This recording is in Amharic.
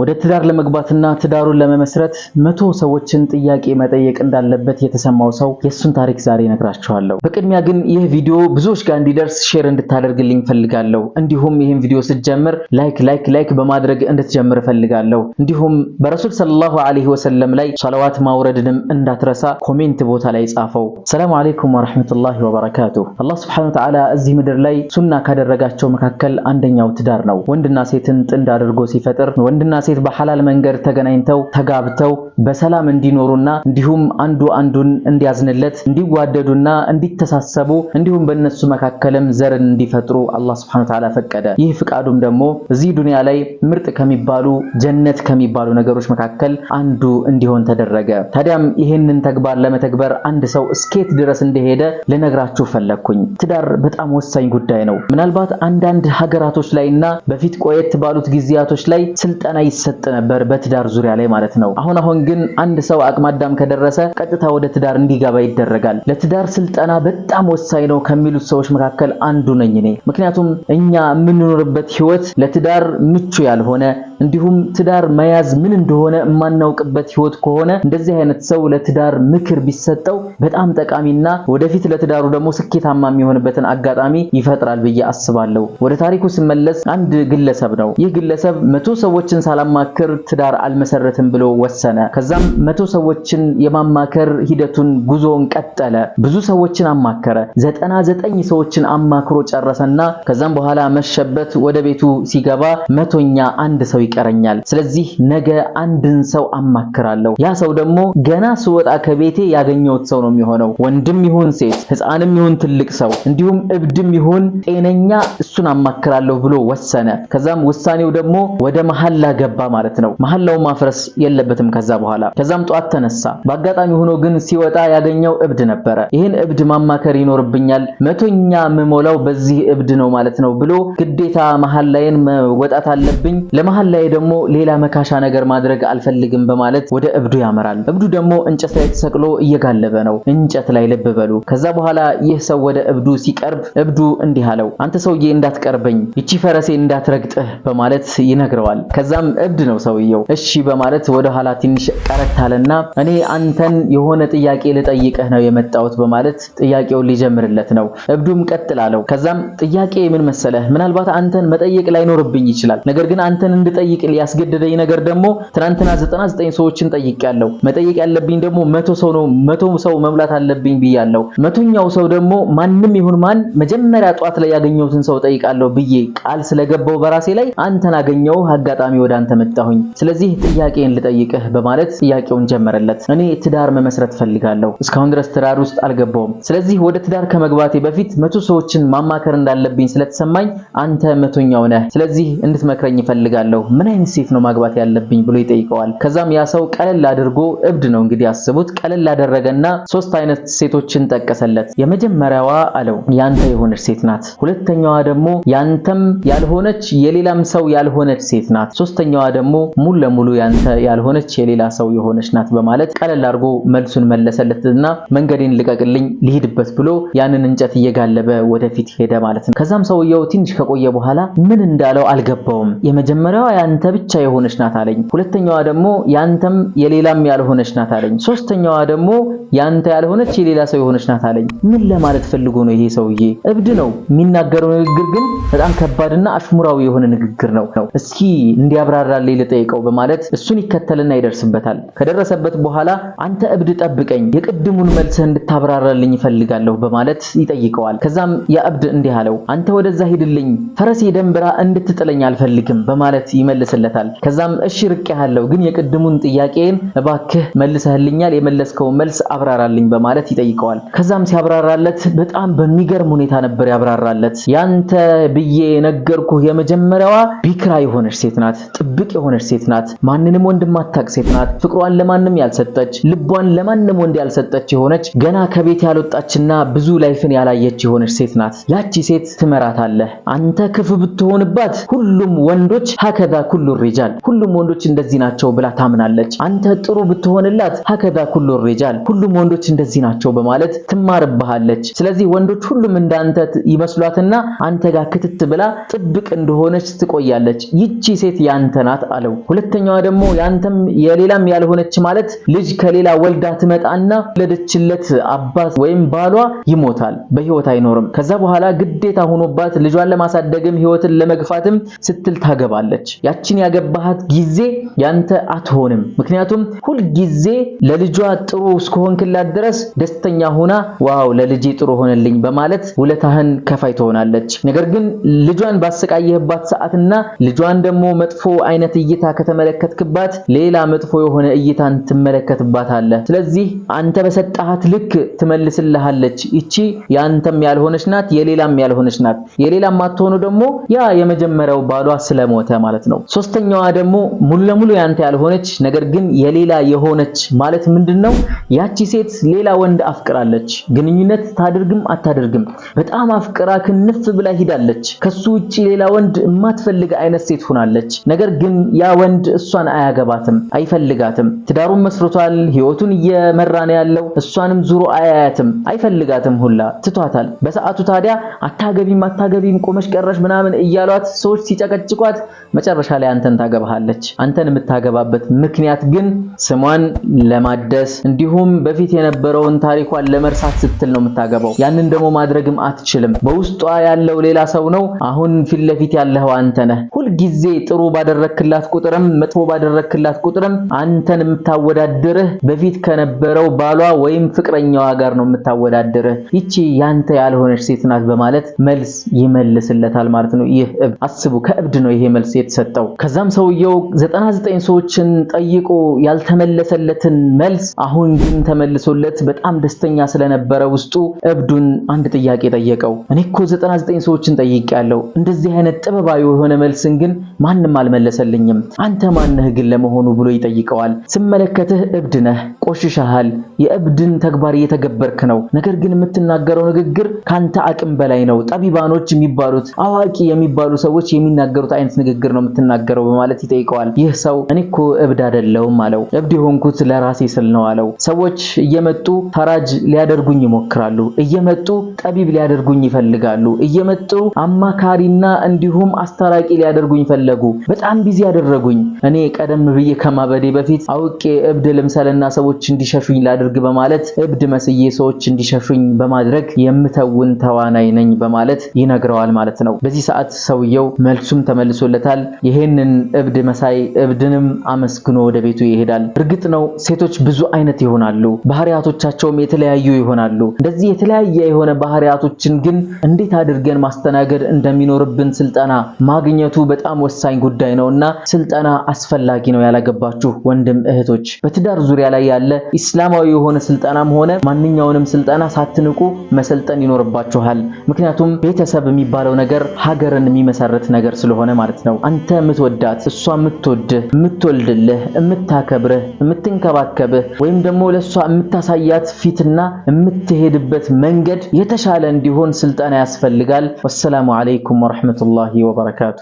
ወደ ትዳር ለመግባትና ትዳሩን ለመመስረት መቶ ሰዎችን ጥያቄ መጠየቅ እንዳለበት የተሰማው ሰው የእሱን ታሪክ ዛሬ ነግራችኋለሁ። በቅድሚያ ግን ይህ ቪዲዮ ብዙዎች ጋር እንዲደርስ ሼር እንድታደርግልኝ ፈልጋለሁ። እንዲሁም ይህን ቪዲዮ ስትጀምር ላይክ ላይክ ላይክ በማድረግ እንድትጀምር ፈልጋለሁ። እንዲሁም በረሱል ሰለላሁ ዐለይሂ ወሰለም ላይ ሰለዋት ማውረድንም እንዳትረሳ ኮሜንት ቦታ ላይ ጻፈው። ሰላሙ ዐለይኩም ወራህመቱላሂ ወበረካቱ። አላህ ሱብሓነሁ ወተዓላ እዚህ ምድር ላይ ሱና ካደረጋቸው መካከል አንደኛው ትዳር ነው። ወንድና ሴትን ጥንድ አድርጎ ሲፈጥር ወንድና ሴት በሐላል መንገድ ተገናኝተው ተጋብተው በሰላም እንዲኖሩና እንዲሁም አንዱ አንዱን እንዲያዝንለት እንዲዋደዱና እንዲተሳሰቡ እንዲሁም በእነሱ መካከልም ዘርን እንዲፈጥሩ አላህ ሱብሓነሁ ወተዓላ ፈቀደ። ይህ ፍቃዱም ደግሞ እዚህ ዱንያ ላይ ምርጥ ከሚባሉ ጀነት ከሚባሉ ነገሮች መካከል አንዱ እንዲሆን ተደረገ። ታዲያም ይህንን ተግባር ለመተግበር አንድ ሰው እስኬት ድረስ እንደሄደ ልነግራችሁ ፈለግኩኝ። ትዳር በጣም ወሳኝ ጉዳይ ነው። ምናልባት አንዳንድ ሀገራቶች ላይና በፊት ቆየት ባሉት ጊዜያቶች ላይ ስልጠና ይሰጥ ነበር በትዳር ዙሪያ ላይ ማለት ነው። አሁን አሁን ግን አንድ ሰው አቅመ አዳም ከደረሰ ቀጥታ ወደ ትዳር እንዲገባ ይደረጋል። ለትዳር ስልጠና በጣም ወሳኝ ነው ከሚሉት ሰዎች መካከል አንዱ ነኝ እኔ። ምክንያቱም እኛ የምንኖርበት ህይወት ለትዳር ምቹ ያልሆነ እንዲሁም ትዳር መያዝ ምን እንደሆነ የማናውቅበት ህይወት ከሆነ እንደዚህ አይነት ሰው ለትዳር ምክር ቢሰጠው በጣም ጠቃሚና ወደፊት ለትዳሩ ደግሞ ስኬታማ የሚሆንበትን አጋጣሚ ይፈጥራል ብዬ አስባለሁ። ወደ ታሪኩ ስመለስ አንድ ግለሰብ ነው። ይህ ግለሰብ መቶ ሰዎችን ሳላማክር ትዳር አልመሰረትም ብሎ ወሰነ። ከዛም መቶ ሰዎችን የማማከር ሂደቱን ጉዞውን ቀጠለ። ብዙ ሰዎችን አማከረ። ዘጠና ዘጠኝ ሰዎችን አማክሮ ጨረሰና ከዛም በኋላ መሸበት። ወደ ቤቱ ሲገባ መቶኛ አንድ ሰው ይቀረኛል። ስለዚህ ነገ አንድን ሰው አማክራለሁ። ያ ሰው ደግሞ ገና ስወጣ ከቤቴ ያገኘሁት ሰው ነው የሚሆነው። ወንድም ይሁን ሴት፣ ሕፃንም ይሁን ትልቅ ሰው፣ እንዲሁም እብድም ይሁን ጤነኛ እሱን አማክራለሁ ብሎ ወሰነ። ከዛም ውሳኔው ደግሞ ወደ መሐላ ገባ ማለት ነው። መሐላው ማፍረስ የለበትም ከዛ በኋላ። ከዛም ጧት ተነሳ። በአጋጣሚ ሆኖ ግን ሲወጣ ያገኘው እብድ ነበረ። ይህን እብድ ማማከር ይኖርብኛል፣ መቶኛ ምሞላው በዚህ እብድ ነው ማለት ነው ብሎ ግዴታ መሐላዬን መወጣት አለብኝ ለመሐላ ላይ ደግሞ ሌላ መካሻ ነገር ማድረግ አልፈልግም በማለት ወደ እብዱ ያመራል። እብዱ ደግሞ እንጨት ላይ ተሰቅሎ እየጋለበ ነው። እንጨት ላይ ልብ በሉ። ከዛ በኋላ ይህ ሰው ወደ እብዱ ሲቀርብ እብዱ እንዲህ አለው፣ አንተ ሰውዬ እንዳትቀርበኝ፣ ይቺ ፈረሴ እንዳትረግጥህ በማለት ይነግረዋል። ከዛም እብድ ነው ሰውየው እሺ በማለት ወደ ኋላ ትንሽ ቀረት አለና እኔ አንተን የሆነ ጥያቄ ልጠይቅህ ነው የመጣሁት በማለት ጥያቄውን ሊጀምርለት ነው። እብዱም ቀጥል አለው። ከዛም ጥያቄ ምን መሰለህ፣ ምናልባት አንተን መጠየቅ ላይኖርብኝ ይችላል፣ ነገር ግን አንተን እንድጠይቅ እንድጠይቅ ሊያስገደደኝ ነገር ደግሞ ትናንትና 99 ሰዎችን ጠይቄያለሁ። መጠየቅ ያለብኝ ደግሞ መቶ ሰው ነው። መቶ ሰው መሙላት አለብኝ ብያለሁ። መቶኛው ሰው ደግሞ ማንም ይሁን ማን መጀመሪያ ጧት ላይ ያገኘሁትን ሰው ጠይቃለሁ ብዬ ቃል ስለገባው በራሴ ላይ አንተን አገኘው አጋጣሚ ወደ አንተ መጣሁኝ። ስለዚህ ጥያቄን ልጠይቅህ በማለት ጥያቄውን ጀመረለት። እኔ ትዳር መመስረት ፈልጋለሁ፣ እስካሁን ድረስ ትዳር ውስጥ አልገባውም። ስለዚህ ወደ ትዳር ከመግባቴ በፊት መቶ ሰዎችን ማማከር እንዳለብኝ ስለተሰማኝ አንተ መቶኛው ነህ። ስለዚህ እንድትመክረኝ ፈልጋለሁ። ምን አይነት ሴት ነው ማግባት ያለብኝ ብሎ ይጠይቀዋል። ከዛም ያ ሰው ቀለል አድርጎ እብድ ነው እንግዲህ አስቡት፣ ቀለል አደረገና ሶስት አይነት ሴቶችን ጠቀሰለት። የመጀመሪያዋ አለው ያንተ የሆነች ሴት ናት። ሁለተኛዋ ደግሞ ያንተም ያልሆነች የሌላም ሰው ያልሆነች ሴት ናት። ሶስተኛዋ ደግሞ ሙሉ ለሙሉ ያንተ ያልሆነች የሌላ ሰው የሆነች ናት በማለት ቀለል አድርጎ መልሱን መለሰለትና መንገዴን ልቀቅልኝ ልሂድበት ብሎ ያንን እንጨት እየጋለበ ወደፊት ሄደ ማለት ነው። ከዛም ሰውየው ትንሽ ከቆየ በኋላ ምን እንዳለው አልገባውም። የመጀመሪያዋ ያንተ ብቻ የሆነች ናት አለኝ። ሁለተኛዋ ደግሞ ያንተም የሌላም ያልሆነች ናት አለኝ። ሶስተኛዋ ደግሞ ያንተ ያልሆነች የሌላ ሰው የሆነች ናት አለኝ። ምን ለማለት ፈልጎ ነው ይሄ ሰውዬ? እብድ ነው። የሚናገረው ንግግር ግን በጣም ከባድና አሽሙራዊ የሆነ ንግግር ነው። እስኪ እንዲያብራራልኝ ልጠይቀው በማለት እሱን ይከተልና ይደርስበታል። ከደረሰበት በኋላ አንተ እብድ ጠብቀኝ፣ የቅድሙን መልስህ እንድታብራራልኝ ይፈልጋለሁ በማለት ይጠይቀዋል። ከዛም ያ እብድ እንዲህ አለው፣ አንተ ወደዛ ሂድልኝ፣ ፈረሴ ደንብራ እንድትጥለኝ አልፈልግም በማለት ይመልስለታል። ከዛም እሺ ርቅ ያለው ግን የቅድሙን ጥያቄን እባክህ መልሰህልኛል፣ የመለስከውን መልስ አብራ አብራራልኝ በማለት ይጠይቀዋል። ከዛም ሲያብራራለት በጣም በሚገርም ሁኔታ ነበር ያብራራለት። ያንተ ብዬ የነገርኩ የመጀመሪያዋ ቢክራ የሆነች ሴት ናት፣ ጥብቅ የሆነች ሴት ናት፣ ማንንም ወንድ ማታቅ ሴት ናት፣ ፍቅሯን ለማንም ያልሰጠች፣ ልቧን ለማንም ወንድ ያልሰጠች የሆነች ገና ከቤት ያልወጣችና ብዙ ላይፍን ያላየች የሆነች ሴት ናት። ያቺ ሴት ትመራታለህ። አንተ ክፉ ብትሆንባት ሁሉም ወንዶች ሀከዳ ኩሉ ሪጃል ሁሉም ወንዶች እንደዚህ ናቸው ብላ ታምናለች። አንተ ጥሩ ብትሆንላት ሀከዳ ኩሉ ሪጃል ሁሉም ሁሉም ወንዶች እንደዚህ ናቸው በማለት ትማርብሃለች። ስለዚህ ወንዶች ሁሉም እንዳንተ ይመስሏትና አንተ ጋር ክትት ብላ ጥብቅ እንደሆነች ትቆያለች። ይቺ ሴት ያንተ ናት አለው። ሁለተኛዋ ደግሞ ያንተም የሌላም ያልሆነች ማለት ልጅ ከሌላ ወልዳ ትመጣና ወለደችለት አባት ወይም ባሏ ይሞታል፣ በህይወት አይኖርም። ከዛ በኋላ ግዴታ ሆኖባት ልጇን ለማሳደግም ህይወትን ለመግፋትም ስትል ታገባለች። ያችን ያገባሃት ጊዜ ያንተ አትሆንም። ምክንያቱም ሁልጊዜ ለልጇ ጥሩ እስከሆን እስካልሆንክላት ድረስ ደስተኛ ሆና ዋው ለልጄ ጥሩ ሆነልኝ በማለት ውለታህን ከፋይ ትሆናለች። ነገር ግን ልጇን ባሰቃየህባት ሰዓትና ልጇን ደግሞ መጥፎ አይነት እይታ ከተመለከትክባት ሌላ መጥፎ የሆነ እይታን ትመለከትባታለህ። ስለዚህ አንተ በሰጣሃት ልክ ትመልስልሃለች። ይቺ ያንተም ያልሆነች ናት፣ የሌላም ያልሆነች ናት። የሌላም ማትሆኑ ደግሞ ያ የመጀመሪያው ባሏ ስለሞተ ማለት ነው። ሶስተኛዋ ደግሞ ሙሉ ለሙሉ ያንተ ያልሆነች ነገር ግን የሌላ የሆነች ማለት ምንድነው ያቺ ሴት ሌላ ወንድ አፍቅራለች። ግንኙነት ታድርግም አታደርግም በጣም አፍቅራ ክንፍ ብላ ሂዳለች። ከሱ ውጪ ሌላ ወንድ የማትፈልግ አይነት ሴት ሆናለች። ነገር ግን ያ ወንድ እሷን አያገባትም፣ አይፈልጋትም። ትዳሩን መስርቷል፣ ህይወቱን እየመራ ነው ያለው። እሷንም ዙሮ አያያትም፣ አይፈልጋትም ሁላ ትቷታል። በሰዓቱ ታዲያ አታገቢም፣ አታገቢም፣ ቆመሽ ቀረሽ ምናምን እያሏት ሰዎች ሲጨቀጭቋት መጨረሻ ላይ አንተን ታገባሃለች። አንተን የምታገባበት ምክንያት ግን ስሟን ለማደስ እንዲሁም በ በፊት የነበረውን ታሪኳን ለመርሳት ስትል ነው የምታገባው። ያንን ደግሞ ማድረግም አትችልም። በውስጧ ያለው ሌላ ሰው ነው። አሁን ፊት ለፊት ያለው አንተ ነህ። ሁል ጊዜ ጥሩ ባደረክላት ቁጥርም መጥፎ ባደረክላት ቁጥርም አንተን የምታወዳድርህ በፊት ከነበረው ባሏ ወይም ፍቅረኛዋ ጋር ነው የምታወዳድርህ። ይቺ ያንተ ያልሆነች ሴት ናት በማለት መልስ ይመልስለታል ማለት ነው። ይህ እብድ አስቡ፣ ከእብድ ነው ይሄ መልስ የተሰጠው። ከዛም ሰውየው 99 ሰዎችን ጠይቆ ያልተመለሰለትን መልስ አሁን ግን ተመልሶለት በጣም ደስተኛ ስለነበረ ውስጡ እብዱን አንድ ጥያቄ ጠየቀው። እኔ እኮ 99 ሰዎችን ጠይቄያለሁ እንደዚህ አይነት ጥበባዊ የሆነ መልስ መለስን ግን ማንም አልመለሰልኝም። አንተ ማነህ ግን ለመሆኑ ብሎ ይጠይቀዋል። ስመለከትህ እብድ ነህ፣ ቆሽሻሃል፣ የእብድን ተግባር እየተገበርክ ነው። ነገር ግን የምትናገረው ንግግር ካንተ አቅም በላይ ነው። ጠቢባኖች የሚባሉት አዋቂ የሚባሉ ሰዎች የሚናገሩት አይነት ንግግር ነው የምትናገረው በማለት ይጠይቀዋል። ይህ ሰው እኔ እኮ እብድ አይደለሁም አለው። እብድ የሆንኩት ለራሴ ስል ነው አለው። ሰዎች እየመጡ ፈራጅ ሊያደርጉኝ ይሞክራሉ፣ እየመጡ ጠቢብ ሊያደርጉኝ ይፈልጋሉ፣ እየመጡ አማካሪና እንዲሁም አስታራቂ ሊያደርጉ ሊያደርጉኝ ፈለጉ። በጣም ቢዚ ያደረጉኝ። እኔ ቀደም ብዬ ከማበዴ በፊት አውቄ እብድ ልምሰልና ሰዎች እንዲሸሹኝ ላድርግ በማለት እብድ መስዬ ሰዎች እንዲሸሹኝ በማድረግ የምተውን ተዋናይ ነኝ በማለት ይነግረዋል ማለት ነው። በዚህ ሰዓት ሰውየው መልሱም ተመልሶለታል። ይሄንን እብድ መሳይ እብድንም አመስግኖ ወደ ቤቱ ይሄዳል። እርግጥ ነው ሴቶች ብዙ አይነት ይሆናሉ፣ ባህሪያቶቻቸውም የተለያዩ ይሆናሉ። እንደዚህ የተለያየ የሆነ ባህሪያቶችን ግን እንዴት አድርገን ማስተናገድ እንደሚኖርብን ስልጠና ማግኘቱ በጣም ወሳኝ ጉዳይ ነው እና ስልጠና አስፈላጊ ነው። ያላገባችሁ ወንድም እህቶች በትዳር ዙሪያ ላይ ያለ ኢስላማዊ የሆነ ስልጠናም ሆነ ማንኛውንም ስልጠና ሳትንቁ መሰልጠን ይኖርባችኋል። ምክንያቱም ቤተሰብ የሚባለው ነገር ሀገርን የሚመሰረት ነገር ስለሆነ ማለት ነው። አንተ የምትወዳት እሷ የምትወድህ የምትወልድልህ፣ የምታከብርህ፣ የምትንከባከብህ ወይም ደግሞ ለእሷ የምታሳያት ፊትና የምትሄድበት መንገድ የተሻለ እንዲሆን ስልጠና ያስፈልጋል። ወሰላሙ አለይኩም ወረሕመቱላሂ ወበረካቱ።